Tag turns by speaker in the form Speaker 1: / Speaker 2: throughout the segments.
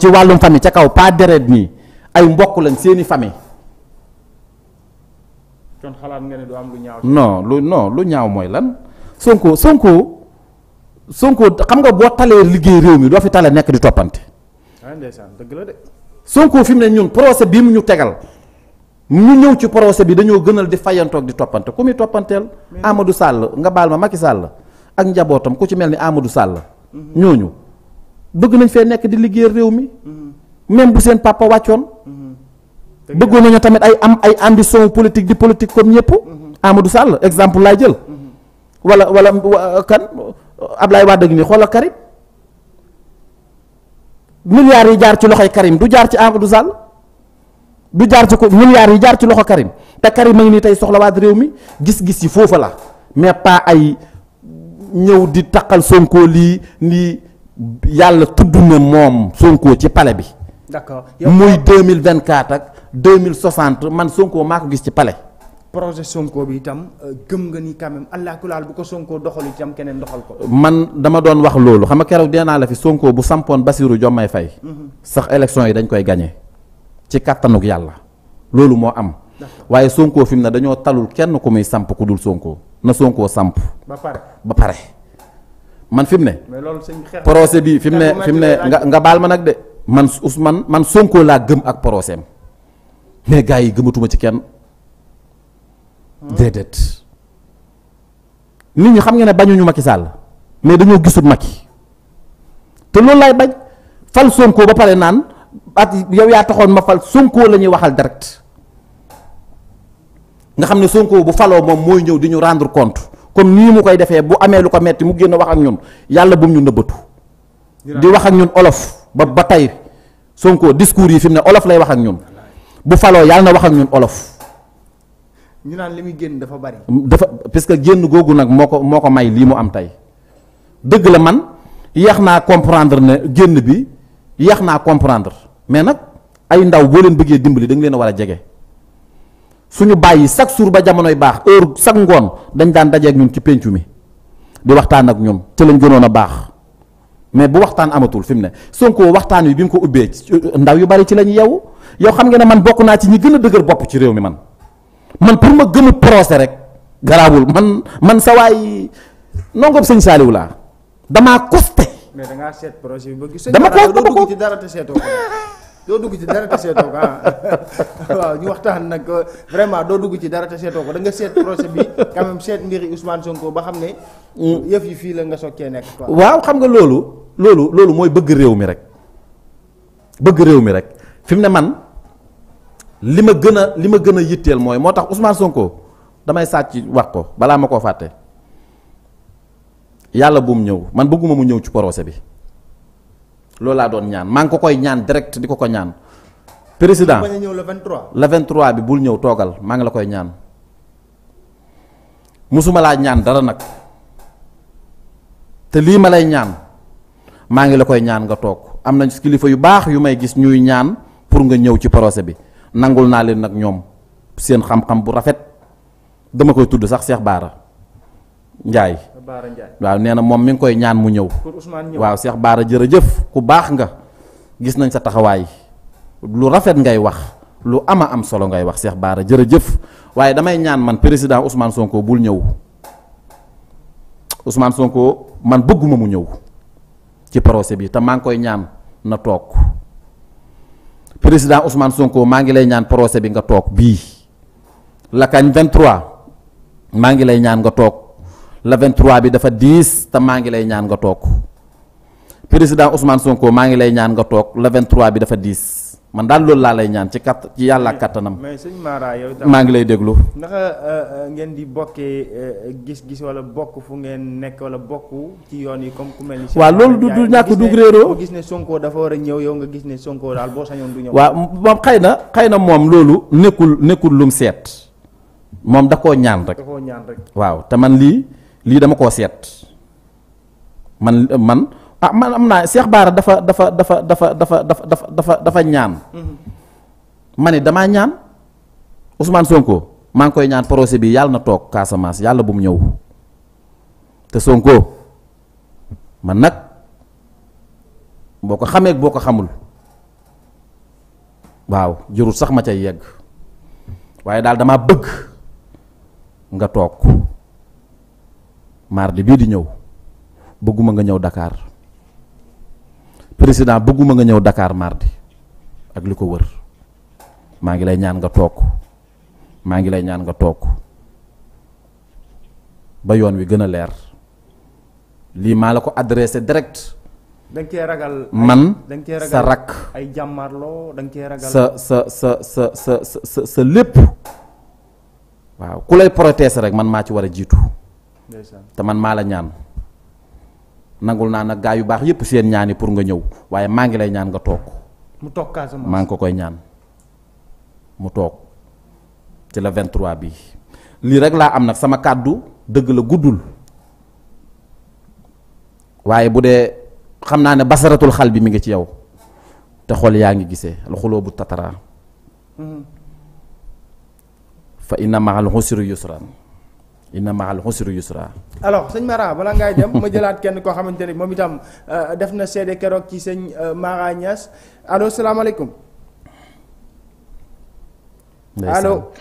Speaker 1: ci wàllum famille ca kaw pas deret nii ay mbokk lañ seeni famille.
Speaker 2: kon xalaat nga du am lu
Speaker 1: ñaaw. lu ñaaw mooy lan Sonko Sonko Sonko xam nga boo talee liggéey réew mi doo fi tale nekk di toppante.
Speaker 2: waaw ah, ndeysaan dëgg
Speaker 1: fi mu ne ñun procès bi mu ñu tegal ñu ñëw ci procès bi dañoo gënal di fayantoog di toppante ku muy toppanteel. Amadou Sall nga baal ma Macky Sall ak njabootam ku ci mel ni Amadou sàll mhm. ñooñu. bëgg nañ fee nekk di liggéey réew mi mm-hmm. même bu seen papa wàccoon mm-hmm. bëggoon nañu tamit ay am ay ambition politique di politique comme ñëpp mm-hmm. Amadou Sall exemple laay jël wala wala kan Ablaye Wade ni xoolal Karim milliards yi jaar ci loxoy Karim du jaar ci Amadou Sall du jaar ci ko milliards yi jaar ci loxo Karim te Karim a ngi nii tey soxla soxlawaat réew mi gis-gis yi foofu la mais pas ay ñëw di taqal Sonko lii nii yàlla tudd na moom Sonko ci pale bi.
Speaker 2: d'accord muy
Speaker 1: deux mille vingt quatre ak deux mille soixante man sonkoo maa ko gis ci pale
Speaker 2: projet Sonko bi itam euh, gëm nga ni quand même allah kulaal bu ko Sonko doxal itam keneen doxal ko.
Speaker 1: man dama doon wax loolu xam nga keroog dee naa la fi sonkoo bu sampoon Bassirou jommay fay mhm. sax élection yi dañ koy gagné. ci kàttanuk yàlla loolu moo am. waaye Sonko fi mu ne dañoo talul kenn ku muy samp ku dul Sonko na sonkoo samp. ba ba pare. man fi mu ne. procès bii fi mu ne fi mu ne nga nga baal ma nag de man Ousmane man Sonko laa gëm ak procès am mais gars yi gëmatuma ci kenn hmm. déedéet. nit ñi xam nga ne bañuñu Macky Sall mais dañoo gisul Macky te loolu laay bañ fal Sonko ba pare naan at yow yaa taxoon ma fal Sonko la ñuy waxal direct nga xam ne Sonko bu faloo moom mooy ñëw di ñu rendre compte. comme nii mu koy defee bu amee lu ko metti mu génn wax ak ñun yàlla bu mu ñu nëbbatu di wax ak ñun olof ba ba tey Sonko discours yi fi mu ne olof lay wax ak ñun bu faloo yàlla na wax ak ñun olof.
Speaker 2: ñu naan li muy génn dafa bari.
Speaker 1: dafa parce que génn googu nag moo ko moo ko may lii mu am tey dëgg la man yéex naa comprendre ne génn bi yéex naa comprendre mais nag ay ndaw boo leen bëggee dimbali da nga leen a war a jege. suñu bàyyi chaque jour ba jamonoy baax heure chaque ngoon dañ daan dajeek ñun ci péncu mi di waxtaan ak ñun ci lañ gënoon a baax mais bu waxtaan amatul fi ne Sonko waxtaan wi bi mu ko ubbee euh, ndaw yu bari ci lañu yeewu yow xam nga ne man bokk naa ci ñi gën a dëgër bopp ci réew mi man man pour ma gënu procès rek garaawul man man sawaay waay nongob sëñ Saaliw laa damaa costé.
Speaker 2: mais da ngaa seet projet bi ba gis. dama ko dama ko doo dugg ci dara te seetoo ko ah ñu waxtaan nag euh, vraiment doo dugg ci dara te seetoo ko da nga seet procès bi quand même seet mbiri Ousmane Sonko ba xam ne. yëf yi fii la nga soog cee nekk quoi. waaw
Speaker 1: xam nga loolu. loolu loolu mooy bëgg réew mi rek bëgg réew mi rek fi mu ne man li ma gën a li ma gën a yitteel mooy moo tax Ousmane Sonko damay sàcc wax ko balaa ma koo fàtte yàlla bu mu ñëw man bëgguma mu ñëw ci porose bi. loolu laa doon ñaan maa ngi ko koy ñaan direct di ko ko ñaan. président bañ
Speaker 2: ñëw le 23.
Speaker 1: le 23 bi bul ñëw toogal maa ngi la koy ñaan mosuma laa ñaan dara nag te lii ma lay ñaan maa ngi la koy ñaan nga toog am nañ kilifa yu baax yu may gis ñuy ñaan pour nga ñëw ci procès bi nangul naa leen nag ñoom seen xam-xam bu rafet dama koy tudd sax Cheikh baara njaay waaw nee na moom mi ngi koy ñaan mu ñëw waaw Cheikh Baara jërëjëf ku baax nga gis nañ sa taxawaay lu rafet ngay wax lu ama am solo ngay wax seex Baara jërëjëf waaye damay ñaan man président Ousmane Sonko bul ñëw Ousmane Sonko man bëgguma mu ñëw ci procès bi te maa ngi koy ñaan na toog président Ousmane Sonko maa ngi lay ñaan procès bi nga toog bii lakkaañ kañ 23 maa ngi lay ñaan nga toog le 23 bi dafa diis te maa ngi lay ñaan nga toog président Ousmane Sonko maa ngi lay ñaan nga toog le 23 bi dafa diis. man daal loolu laa lay ñaan ci kat ci yàlla ak kattanam. mais sëñ maa ngi lay déglu.
Speaker 2: naka euh, euh, ngeen di bokkee euh, gis-gis wala bokk fu ngeen nekk bokk ci yoon yi comme ku mel ni. waaw du du ñàkk gis ne Sonko dafa a ñëw yow nga gis ne Sonko daal boo sañoon du ñëw. waaw
Speaker 1: moom xëy na xëy na moom loolu nekkul nekkul lum seet moom da koo ñaan da
Speaker 2: koo ñaan rek
Speaker 1: waaw te man lii. lii dama koo seet man man ah man am naa seex Baara dafa dafa dafa dafa dafa dafa dafa dafa ñaan. ma ne damaa ñaan Ousmane Sonko maa ngi koy ñaan procès bi yàlla na toog Casamance yàlla bu mu ñëw te Sonko man nag boo ko xamee boo ko xamul waaw jërul sax ma cay yegg waaye daal damaa bëgg nga toog. mardi bii di ñëw bëgguma nga ñëw dakaar président bëgguma nga ñëw Dakar mardi ak li ko wër maa ngi lay ñaan nga toog maa ngi lay ñaan nga toog ba yoon wi gën a leer lii maa la ko adressé direct.
Speaker 2: da nga ragal man sa rakk ay jàmmarloo da nga cee ragal sa
Speaker 1: sa sa sa sa sa lépp waaw ku lay protéger rek man maa ci war a jiitu te man maa la ñaan nangul naa nag gaa yu baax yépp seen ñaan yi pour nga ñëw waaye maa ngi lay ñaan nga toog
Speaker 2: mu toog Casamance maa ngi
Speaker 1: ko koy ñaan mu toog ci la 23 bi lii rek laa am nag sama kàddu dëgg la guddul waaye bu dee xam naa ne basaratul xal bi mi ngi ci yow te xol yaa ngi gisee alxuloo bu tataraa mm-hmm. fa inna mahal xusri yusran inna ma'al usri yusra
Speaker 2: alors sëñ Mara balaa ngay dem ma jëlaat kenn koo xamante ni moom itam euh, def na seede keroog ci sañ euh, Mara Niass allo salaamaaleykum.
Speaker 1: allo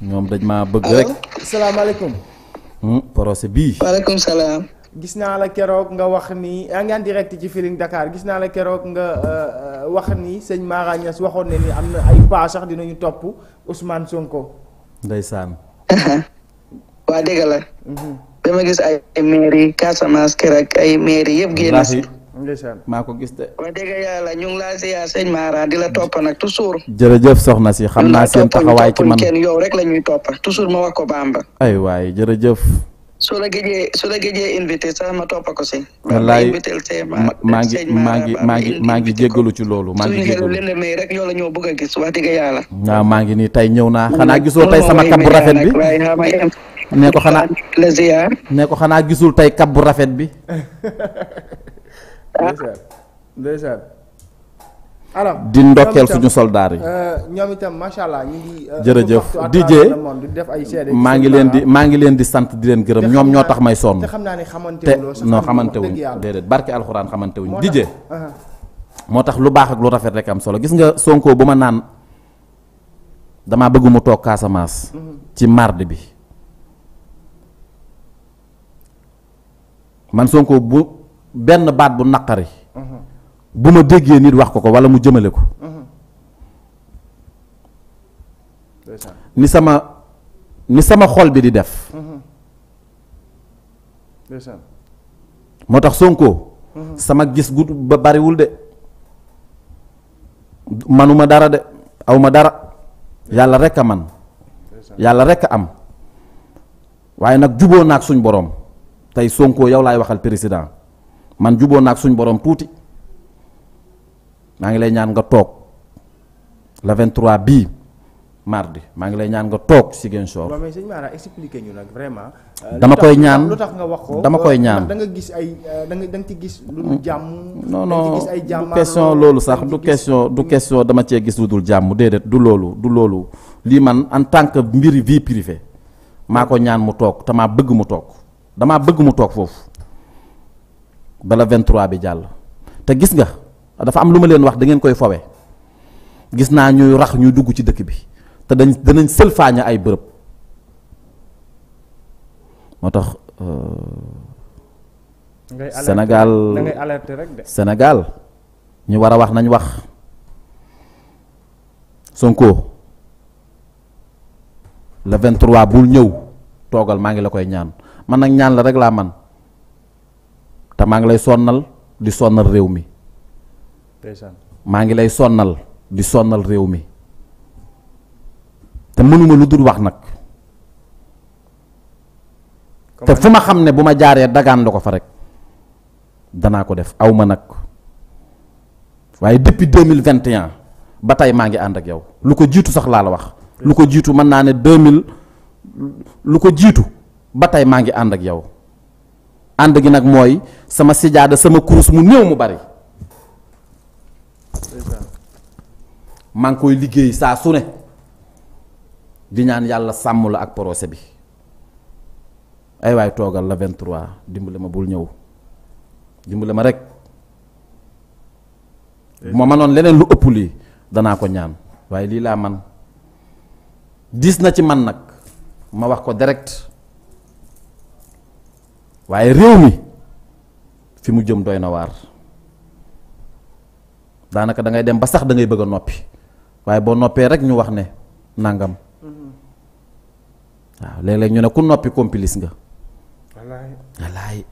Speaker 1: ñoom dañ maa bëgg rek.
Speaker 2: salaamaaleykum.
Speaker 1: Hmm, procès bii.
Speaker 2: waaleykum gis naa la keroog nga wax ni yaa ngi ci Feeling Dakar gis naa la keroog nga euh, wax ni sëñ Mara Niass waxoon ne ni am na ay pas dinañu topp Ousmane Sonko.
Speaker 1: ndeysaan. Uh-huh. waa dëgg la. Mhm. dama gis ay mairie Casamance kër ak ay mairie yëpp génn. maa ko gis de. wax dëgg yàlla ñu ngi laa si yaa sëñ Mara di la topp nag toujours. jërëjëf soxna si xam naa seen taxawaay ci man yow rek la ñuy topp toujours ma wax ko Bamba. ay waay jërëjëf. su la géejee su la
Speaker 2: géejee invité sax ma topp ko si. wallaay
Speaker 1: maa ngi maa ngi maa ngi maa ngi jéggalu ci loolu. maa ngi jéggalu suñu
Speaker 2: may rek ñoo la ñoo bëgg a gis wax dëgg yàlla.
Speaker 1: waaw maa ngi nii tey ñëw naa xanaa mm. gisoo tey mm, sama kab bu rafet bi nee ko xanaa la ziar nee ko xanaa gisul tey kab bu rafet bi.
Speaker 2: alors di ndokkeel suñu soldaar yi. Euh, ñoom itam macha allah ñu ngi. Euh, jërëjëf DJ maa ngi leen di maa ngi leen di sant di leen gërëm ñoom ñoo tax may sonn. te xam naa ne xamante wuñ non xamante wuñ
Speaker 1: déedéet barke alxuraan xamante wuñ DJ. Uh-huh. moo tax lu baax ak lu rafet rek am solo gis nga sonkoo bu ma naan damaa bëgg mu toog Casamance. Mm-hmm. ci mardi bi man Sonko bu benn baat bu naqari. Mm-hmm. bu ma déggee nit wax ko ko walla mu jëmale ko ni sama ni sama xol bi di def moo tax sonkoo mhm. sama gis gu ba bariwul de manuma dara de awma dara yàlla rekk a man yàlla rekk a am waaye nag juboo naag suñ boroom tey Sonko yow laay waxal président man juboo naag suñ boroom tuuti maa ngi lay ñaan nga toog le 23 bii mardi maa ngi lay ñaan nga toog si gën soor.
Speaker 2: ñu nag vraiment. Euh, dama koy ñaan lu tax nga wax ko dama koy euh, ñaan da nga gis ay euh, da nga ci gis. jàmm. non non du question loolu
Speaker 1: sax du question du question dama cee gis lu dul jàmm déedéet du loolu du loolu lii man en tant que mbiri vie privée maa ko ñaan mu toog te maa bëgg mu toog damaa bëgg mu toog foofu bala 23 bi jàll te gis nga. dafa am lu ma leen wax dangeen koy fowe gis naa ñuy rax ñuy dugg ci dëkk bi te dañ danañ sëlfaañe ay bërëb moo tax senegal euh, ngay alerter rek de ñu war a wax nañ wax Sonko le 23 bul ñëw toogal maa ngi la koy ñaan man nag ñaan la rek laa man te maa ngi lay sonnal di sonnal réew mi maa ngi lay sonnal di sonnal réew mi te mënuma lu dul wax nag te fu ma xam ne bu ma jaaree dagaan la ko fa rek danaa ko def aw ma nag waaye depuis deux mille vingt et ba tey maa ngi ànd ak yow lu ko jiitu sax laa la wax lu ko jiitu mën naa ne deux mille lu ko jiitu ba tey maa ngi ànd ak yow ànd gi nag mooy sama sijaada sama kurus mu néew mu bari maa koy liggéey saa su ne di ñaan yàlla sàmm la ak procès bi ay waay toogal la 23 dimbale ma bul ñëw dimbale ma rek bu ma mënoon leneen lu ëpp lii danaa ko ñaan waaye lii laa man diis na ci man nag ma wax ko direct waaye réew mi fi mu jëm doy na waar daanaka dangay dem ba sax da ngay bëgg a noppi waaye boo noppee rek ñu wax ne nangam. waaw léeg-léeg ñu ne ku noppi complice nga. wallaay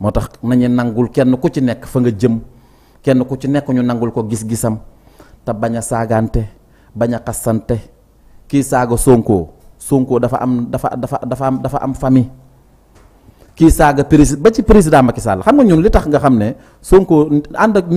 Speaker 1: moo tax nañu nangul kenn ku ci nekk fa nga jëm kenn ku ci nekk ñu nangul ko gis-gisam te bañ a saagante bañ a xasante kii saaga sonkoo Sonko dafa am dafa dafa dafa am dafa am famille. kii saaga président ba ci président Macky Sall xam nga ñun li tax nga xam ne Sonko ànd ak